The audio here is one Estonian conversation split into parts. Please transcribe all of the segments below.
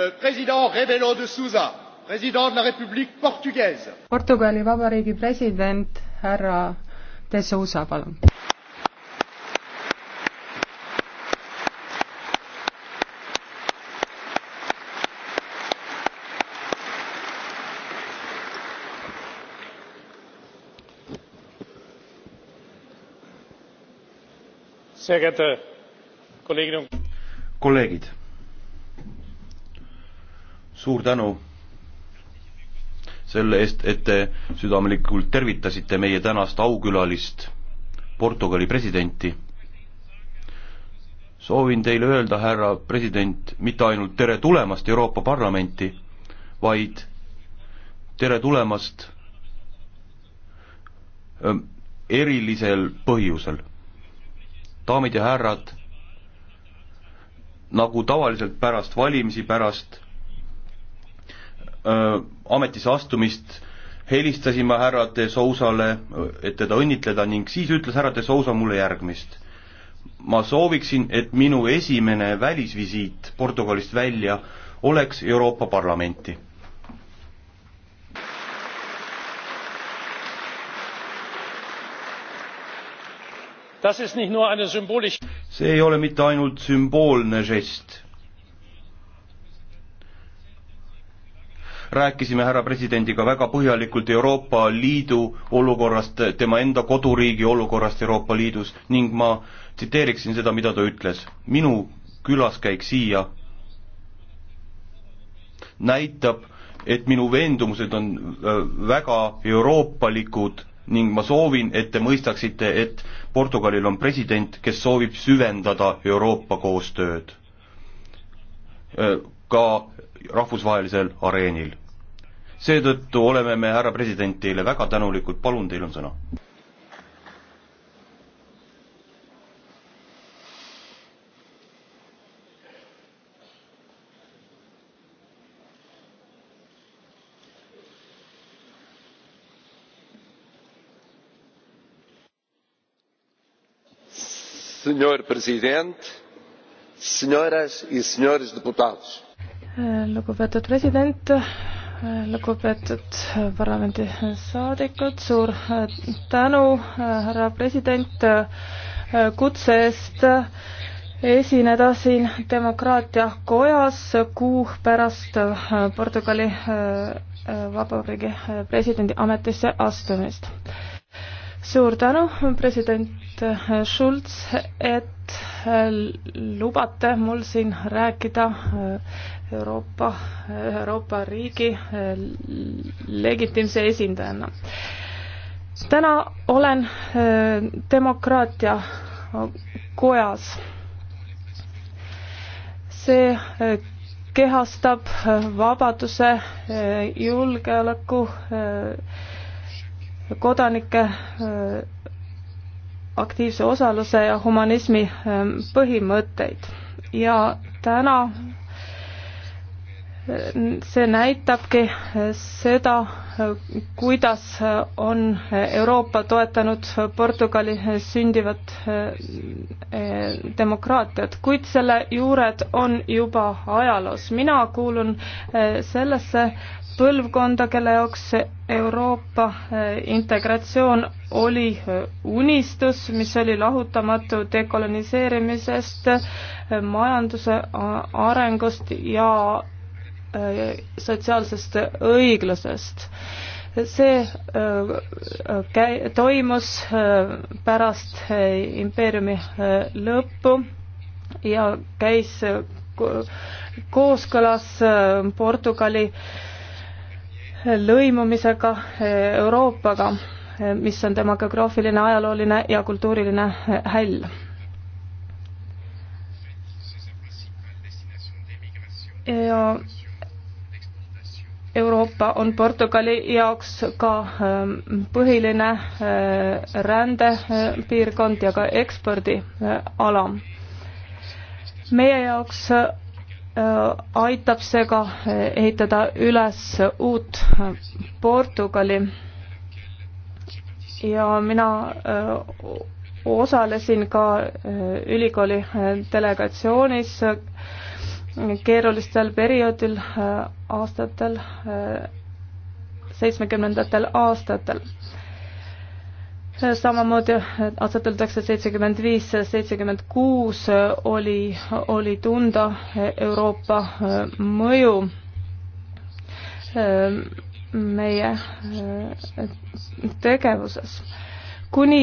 Euh, président Rebelo de Souza, président de la République portugaise. Portugali Vabariigi president härra de Souza, palun. sehr geehrte kolleginnen und kollegen! suur tänu selle eest, et te südamlikult tervitasite meie tänast aukülalist, Portugali presidenti. soovin teile öelda, härra president, mitte ainult tere tulemast Euroopa Parlamenti, vaid tere tulemast erilisel põhjusel. daamid ja härrad, nagu tavaliselt pärast valimisi, pärast ametisse astumist helistasin ma härra de Sousale, et teda õnnitleda ning siis ütles härra de Sousa mulle järgmist. ma sooviksin, et minu esimene välisvisiit Portugalist välja oleks Euroopa Parlamenti. see ei ole mitte ainult sümboolne žest rääkisime härra presidendiga väga põhjalikult Euroopa Liidu olukorrast, tema enda koduriigi olukorrast Euroopa Liidus ning ma tsiteeriksin seda, mida ta ütles. minu külaskäik siia näitab, et minu veendumused on väga euroopalikud ning ma soovin, et te mõistaksite, et Portugalil on president, kes soovib süvendada Euroopa koostööd ka rahvusvahelisel areenil seetõttu oleme me, härra president, teile väga tänulikud, palun, teil on sõna. senhor presidente senhoras e senhores deputados lugupeetud president lugupeetud parlamendisaadikud, suur tänu, härra president, kutse eest esineda siin Demokraatia Kojas kuu pärast Portugali äh, Vabariigi presidendi ametisse astumist. suur tänu, president Schulz, et lubate mul siin rääkida äh, Euroopa, äh, Euroopa riigi äh, legitiimse esindajana. täna olen demokraatia kojas. see kehastab vabaduse, julgeoleku, kodanike aktiivse osaluse ja humanismi ähm, põhimõtteid ja täna äh, see näitabki äh, seda, äh, kuidas on Euroopa toetanud Portugali sündivat demokraatiat, kuid selle juured on juba ajaloos. mina kuulun sellesse põlvkonda, kelle jaoks Euroopa eh, integratsioon oli eh, unistus, mis oli lahutamatu dekoloniseerimisest, eh, majanduse arengust ja sotsiaalsest õiglusest see käi-, toimus pärast impeeriumi lõppu ja käis kooskõlas Portugali äh, lõimumisega eh, Euroopaga, eh, mis on tema geograafiline, ajalooline ja kultuuriline eh, häll. ja Euroopa on Portugali jaoks ka põhiline rändepiirkond ja ka ekspordiala. meie jaoks Äh, aitab see ka äh, ehitada üles uut äh, Portugali. ja mina osalesin ka ülikooli delegatsioonis keerulistel perioodil aastatel, seitsmekümnendatel aastatel samamoodi aseteldatakse seitsekümmend viis, seitsekümmend kuus oli, oli tunda Euroopa äh, mõju äh, meie äh, tegevuses. kuni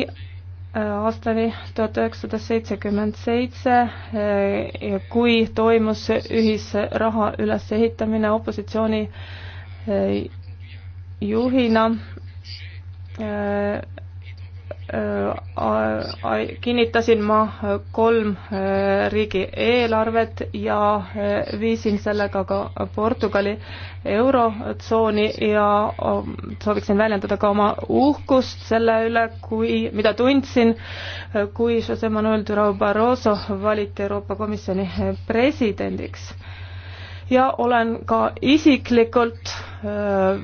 aastani tuhat üheksasada seitsekümmend seitse, kui toimus ühisraha ülesehitamine opositsiooni juhina, Äh, kinnitasin ma kolm äh, riigieelarvet ja äh, viisin sellega ka Portugali eurotsooni ja ähm, sooviksin väljendada ka oma uhkust selle üle, kui, mida tundsin, kui Jose Manuel Durao Barroso valiti Euroopa Komisjoni presidendiks ja olen ka isiklikult äh,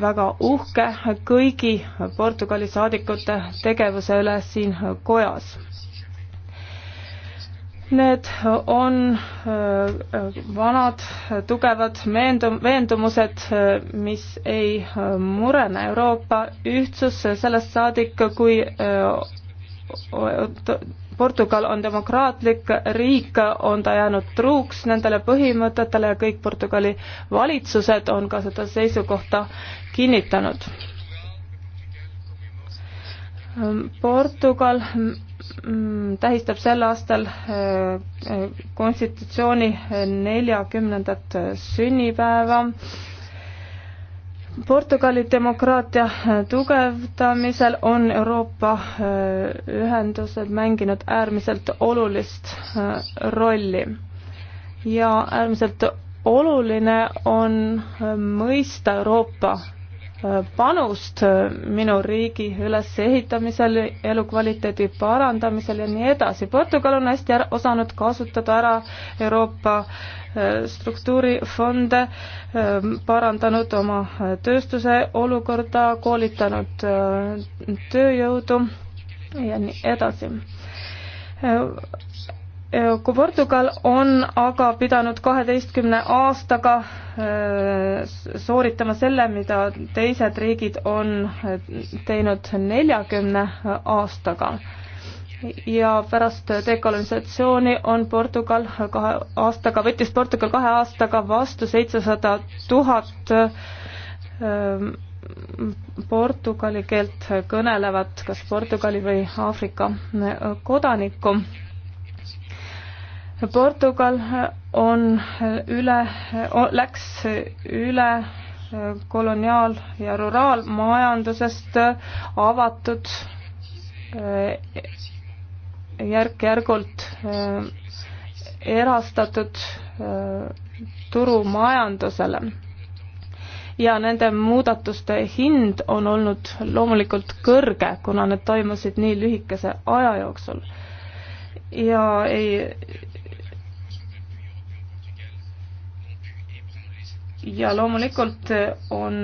väga uhke kõigi Portugali saadikute tegevuse üle siin kojas. Need on äh, vanad tugevad meendum-, veendumused, äh, mis ei murene. Euroopa ühtsus sellest saadik, kui Portugal on demokraatlik riik, on ta jäänud truuks nendele põhimõtetele ja kõik Portugali valitsused on ka seda seisukohta kinnitanud. Portugal tähistab sel aastal eh, eh, konstitutsiooni neljakümnendat sünnipäeva Portugali demokraatia äh, tugevdamisel on Euroopa äh, ühendused mänginud äärmiselt olulist äh, rolli ja äärmiselt oluline on mõista Euroopa panust minu riigi ülesehitamisel, elukvaliteedi parandamisel ja nii edasi. Portugal on hästi ära, osanud kasutada ära Euroopa äh, struktuurifonde, äh, parandanud oma äh, tööstuse olukorda, koolitanud tööjõudu ja nii edasi kui Portugal on aga pidanud kaheteistkümne aastaga äh, sooritama selle, mida teised riigid on äh, teinud neljakümne aastaga. ja pärast dekolonisatsiooni on Portugal kahe aastaga, võttis Portugal kahe aastaga vastu seitsesada tuhat äh, portugali keelt kõnelevat kas Portugali või Aafrika kodanikku Portugal on üle, läks üle koloniaal- ja ruraalmajandusest avatud eh, järk-järgult eh, erastatud eh, turumajandusele. ja nende muudatuste hind on olnud loomulikult kõrge, kuna need toimusid nii lühikese aja jooksul. ja ei ja loomulikult eh, on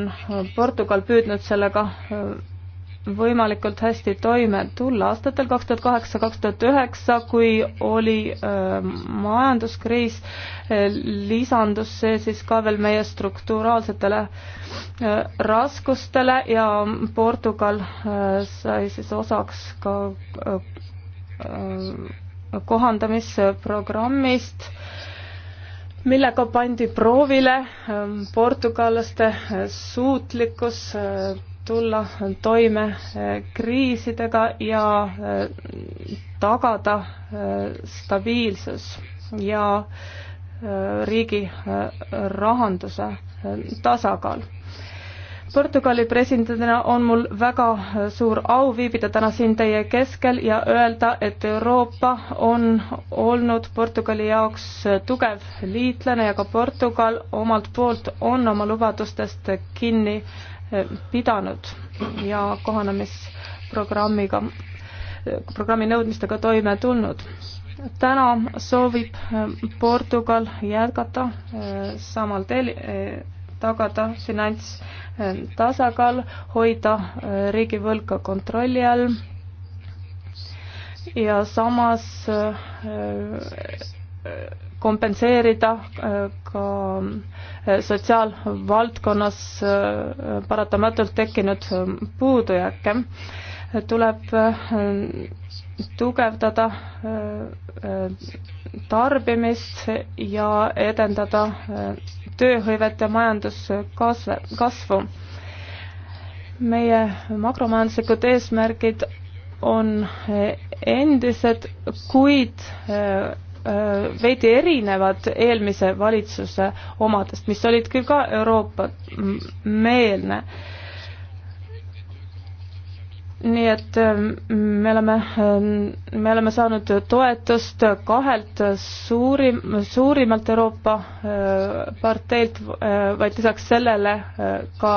Portugal püüdnud sellega eh, võimalikult hästi toime tulla. aastatel kaks tuhat kaheksa, kaks tuhat üheksa, kui oli eh, majanduskriis, lisandus see siis ka veel meie strukturaalsetele raskustele ja Portugal sai siis osaks ka kohandamisprogrammist millega pandi proovile ähm, portugallaste äh, suutlikkus äh, tulla toime äh, kriisidega ja tagada stabiilsus ja riigi rahanduse tasakaal Portugali presidendina on mul väga suur au viibida täna siin teie keskel ja öelda, et Euroopa on olnud Portugali jaoks tugev liitlane ja ka Portugal omalt poolt on oma lubadustest kinni eh, pidanud ja kohanemisprogrammiga, programmi nõudmistega toime tulnud täna soovib eh, Portugal jätkata eh, samal teel tagada finantstasakaal, hoida äh, riigivõlga kontrolli all ja samas äh, kompenseerida äh, ka sotsiaalvaldkonnas paratamatult tekkinud puudujääke tuleb äh, tugevdada äh, äh, tarbimist ja edendada tööhõivet ja majanduskasvu. meie makromajanduslikud eesmärgid on endised, kuid veidi erinevad eelmise valitsuse omadest, mis olid küll ka Euroopa meelne nii et ähm, me oleme, ähm, me oleme saanud toetust kahelt suurim, suurimalt Euroopa äh, parteilt, äh, vaid lisaks sellele äh, ka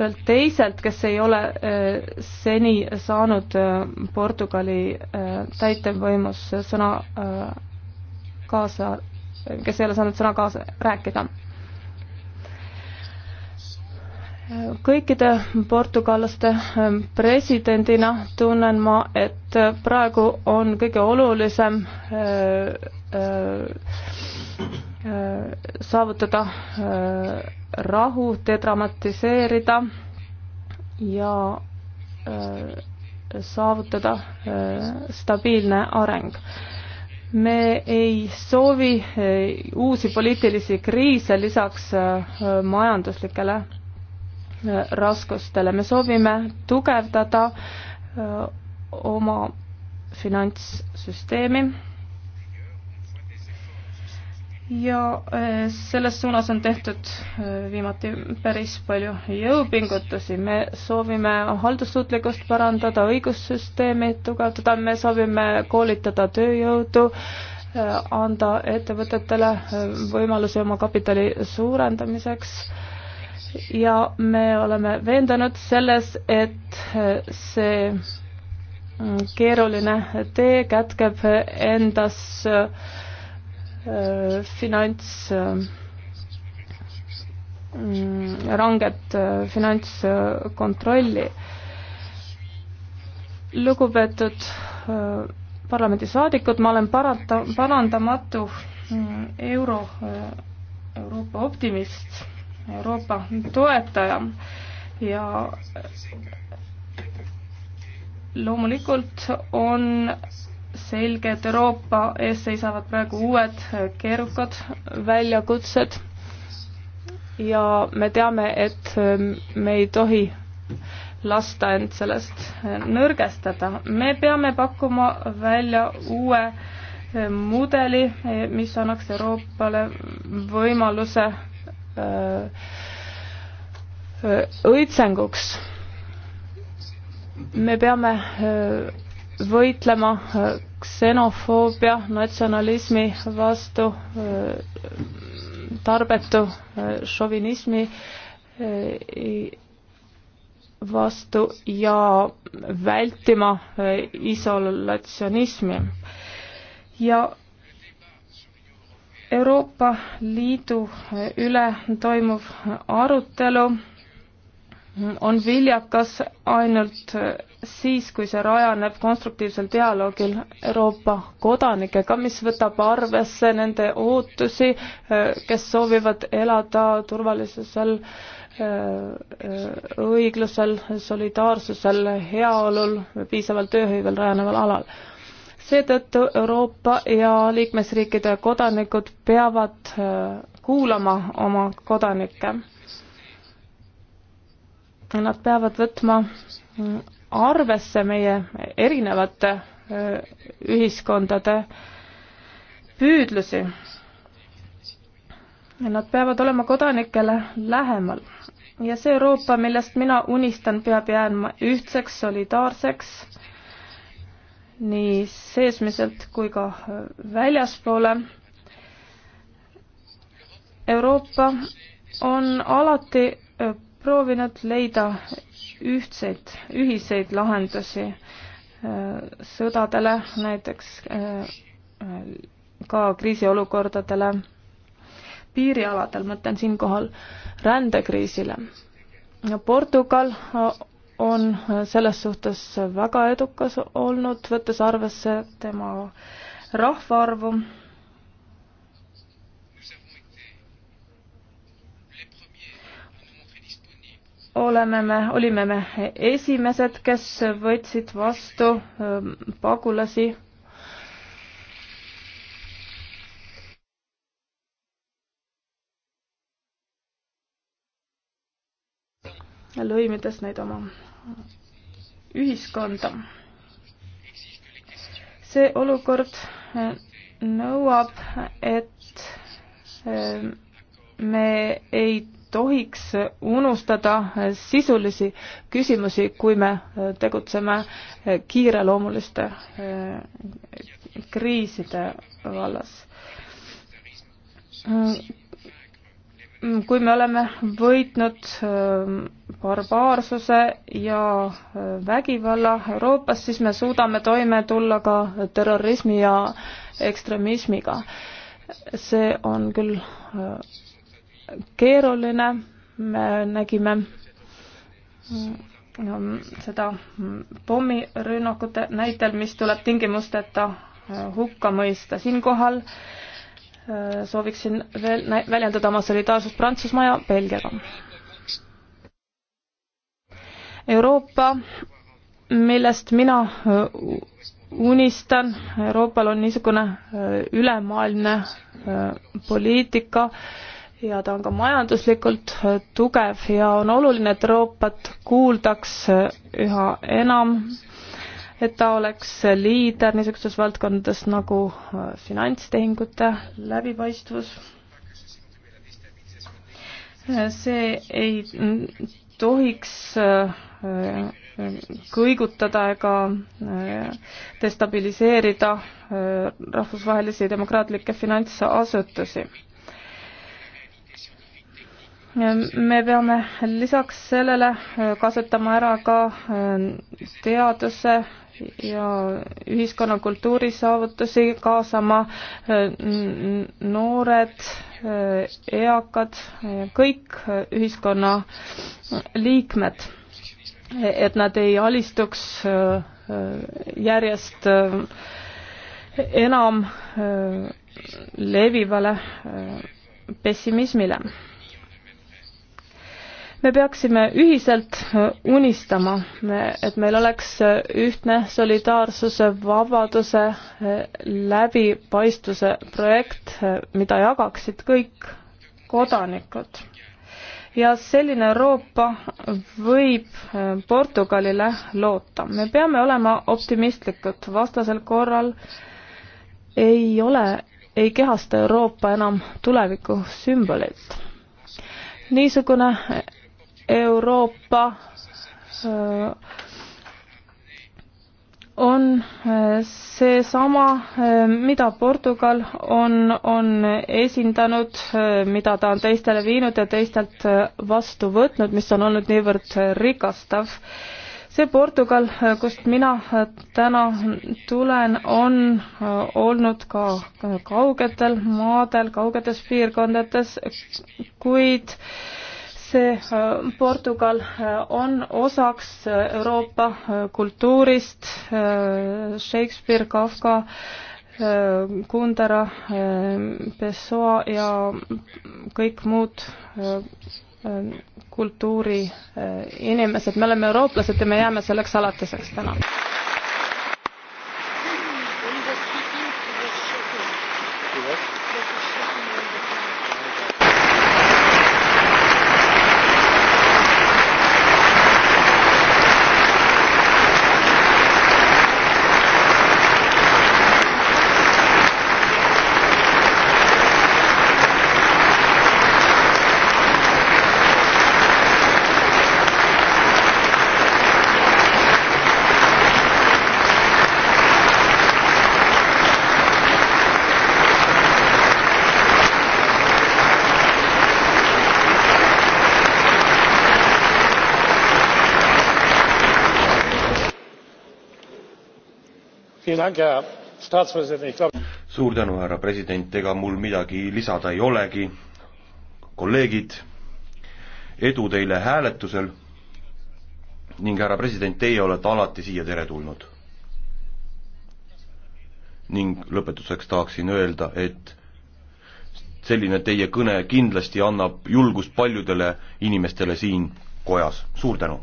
ühelt teiselt, kes ei ole seni saanud Portugali täitevvõimus sõna kaasa, kes ei ole saanud sõna kaasa rääkida kõikide portugallaste ähm, presidendina tunnen ma, et praegu on kõige olulisem äh, äh, äh, saavutada rahu, dedramatiseerida ja saavutada stabiilne areng. me ei soovi uusi poliitilisi kriise lisaks majanduslikele raskustele. me soovime tugevdada oma finantssüsteemi ja selles suunas on tehtud viimati päris palju jõupingutusi. me soovime haldussuutlikkust parandada, õigussüsteemi tugevdada, me soovime koolitada tööjõudu, anda ettevõtetele võimalusi oma kapitali suurendamiseks ja me oleme veendunud selles, et see keeruline tee kätkeb endas äh, finants, äh, ranget äh, finantskontrolli. lugupeetud parlamendisaadikud, ma olen parata, parandamatu mm, euro, Euroopa optimist Euroopa toetaja ja loomulikult on selge, et Euroopa ees seisavad praegu uued keerukad väljakutsed ja me teame, et me ei tohi lasta end sellest nõrgestada. me peame pakkuma välja uue mudeli, mis annaks Euroopale võimaluse Äh, õitsenguks. me peame äh, võitlema äh, ksenofoobia, natsionalismi vastu, tarbetu šovinismi vastu ja vältima isolatsionismi. ja Euroopa Liidu üle toimuv arutelu on viljakas ainult siis, kui see rajaneb konstruktiivsel dialoogil Euroopa kodanikega, mis võtab arvesse nende ootusi, kes soovivad elada turvalisusel, õiglusel, solidaarsusel, heaolul, piisaval tööhõivel rajaneval alal seetõttu Euroopa ja liikmesriikide kodanikud peavad äh, kuulama oma kodanikke. Nad peavad võtma mm, arvesse meie erinevate äh, ühiskondade püüdlusi. Nad peavad olema kodanikele lähemal ja see Euroopa, millest mina unistan, peab jääma ühtseks, solidaarseks nii seesmiselt kui ka väljaspoole. Euroopa on alati äh, proovinud leida ühtseid, ühiseid lahendusi äh, sõdadele, näiteks äh, ka kriisiolukordadele piirialadel, mõtlen siinkohal rändekriisile. Portugal on selles suhtes väga edukas olnud, võttes arvesse tema rahvaarvu. oleme me, olime me esimesed, kes võtsid vastu ähm, pagulasi. lõimides neid oma ühiskonda. see olukord äh, nõuab, et äh, me ei tohiks unustada sisulisi küsimusi, kui me äh, tegutseme kiireloomuliste kriiside vallas kui me oleme võitnud ähm, barbaarsuse ja äh, vägivalla Euroopas, siis me suudame toime tulla ka terrorismi ja ekstremismiga. see on küll äh, keeruline, me nägime äh, ähm, seda mm, pommirünnakute näitel, mis tuleb tingimusteta hukka mõista. siinkohal äh, Äh, sooviksin veel väljendada oma solidaarsust Prantsusmaa ja Belgiaga. Euroopa, millest mina äh, unistan, Euroopal on niisugune äh, ülemaailmne poliitika ja ta on ka majanduslikult tugev ja on oluline, et Euroopat kuuldaks üha enam et ta oleks liider niisugustes valdkondades nagu äh, finantstehingute läbipaistvus. Äh, see ei tohiks äh, kõigutada ega destabiliseerida rahvusvahelisi demokraatlikke finantsasutusi me peame lisaks sellele äh, kasutama ära ka äh, teaduse ja ühiskonna kultuurisaavutusi, kaasama äh, noored, eakad, kõik ühiskonna liikmed, et nad ei alistuks järjest enam levivale pessimismile me peaksime ühiselt äh, unistama, äh, et meil oleks äh, ühtne solidaarsuse, vabaduse, läbipaistvuse projekt, mida jagaksid kõik kodanikud. ja selline Euroopa võib Portugalile loota. me peame olema optimistlikud, vastasel korral ei ole, ei kehasta Euroopa enam tuleviku sümbolit. niisugune Euroopa on äh, seesama, äh, mida Portugal on, on esindanud, äh, mida ta on teistele viinud ja teistelt vastu võtnud, mis on olnud niivõrd rikastav see Portugal, kust mina täna tulen, on olnud ka kaugetel maadel, kaugetes piirkondades, kuid see äh, Portugal äh, on osaks äh, Euroopa kultuurist, Shakespeare, Kafka, Kundera, Pessoa ja kõik muud kultuuriinimesed, me oleme eurooplased ja me jääme selleks alatiseks täna. suur tänu, härra president, ega mul midagi lisada ei olegi. kolleegid, edu teile hääletusel ning härra president, teie olete alati siia teretulnud. ning lõpetuseks tahaksin öelda, et selline teie kõne kindlasti annab julgust paljudele inimestele siin kojas, suur tänu!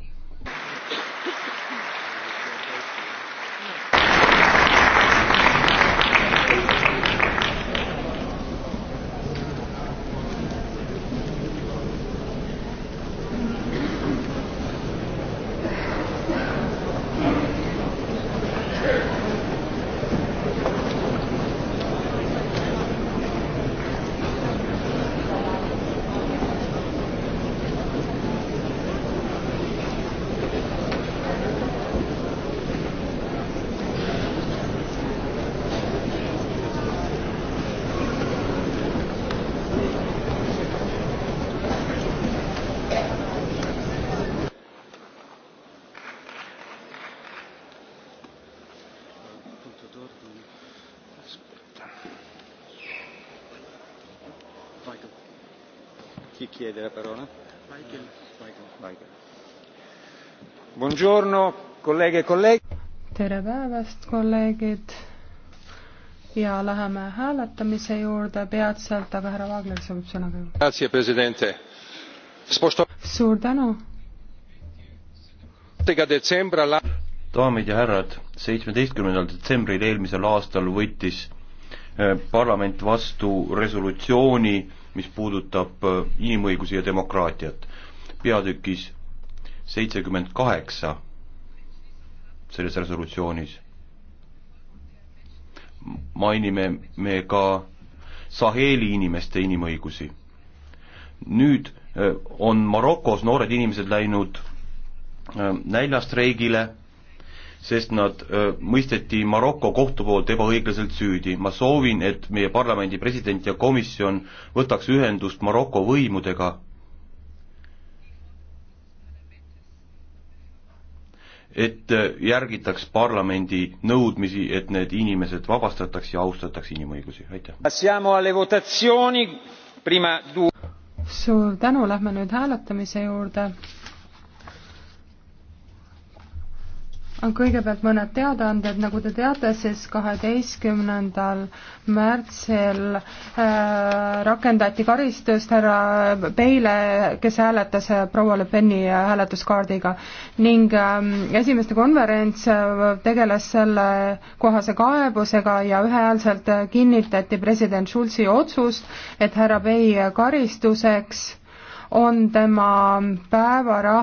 E tere päevast, kolleegid! ja läheme hääletamise juurde peatselt, aga härra Vaagler soovib sõna kõigepealt. suur tänu! daamid ja härrad, seitsmeteistkümnendal detsembril eelmisel aastal võttis Eh, parlament vastu resolutsiooni, mis puudutab eh, inimõigusi ja demokraatiat. peatükis seitsekümmend kaheksa selles resolutsioonis mainime me ka Saheli inimeste inimõigusi. nüüd eh, on Marokos noored inimesed läinud näljastreigile sest nad öö, mõisteti Maroko kohtu poolt ebaõiglaselt süüdi. ma soovin, et meie parlamendi president ja komisjon võtaks ühendust Maroko võimudega, et järgitaks parlamendi nõudmisi, et need inimesed vabastataks ja austataks inimõigusi, aitäh. suur tänu, lähme nüüd hääletamise juurde. kõigepealt mõned teadaanded, nagu te teate, siis kaheteistkümnendal märtsil äh, rakendati karistust härra Peile, kes hääletas äh, proua Le Peni äh, hääletuskaardiga ning äh, esimeste konverents äh, tegeles selle kohase kaebusega ja ühehäälselt kinnitati president Schulzi otsust, et härra Pei karistuseks on tema päevaraha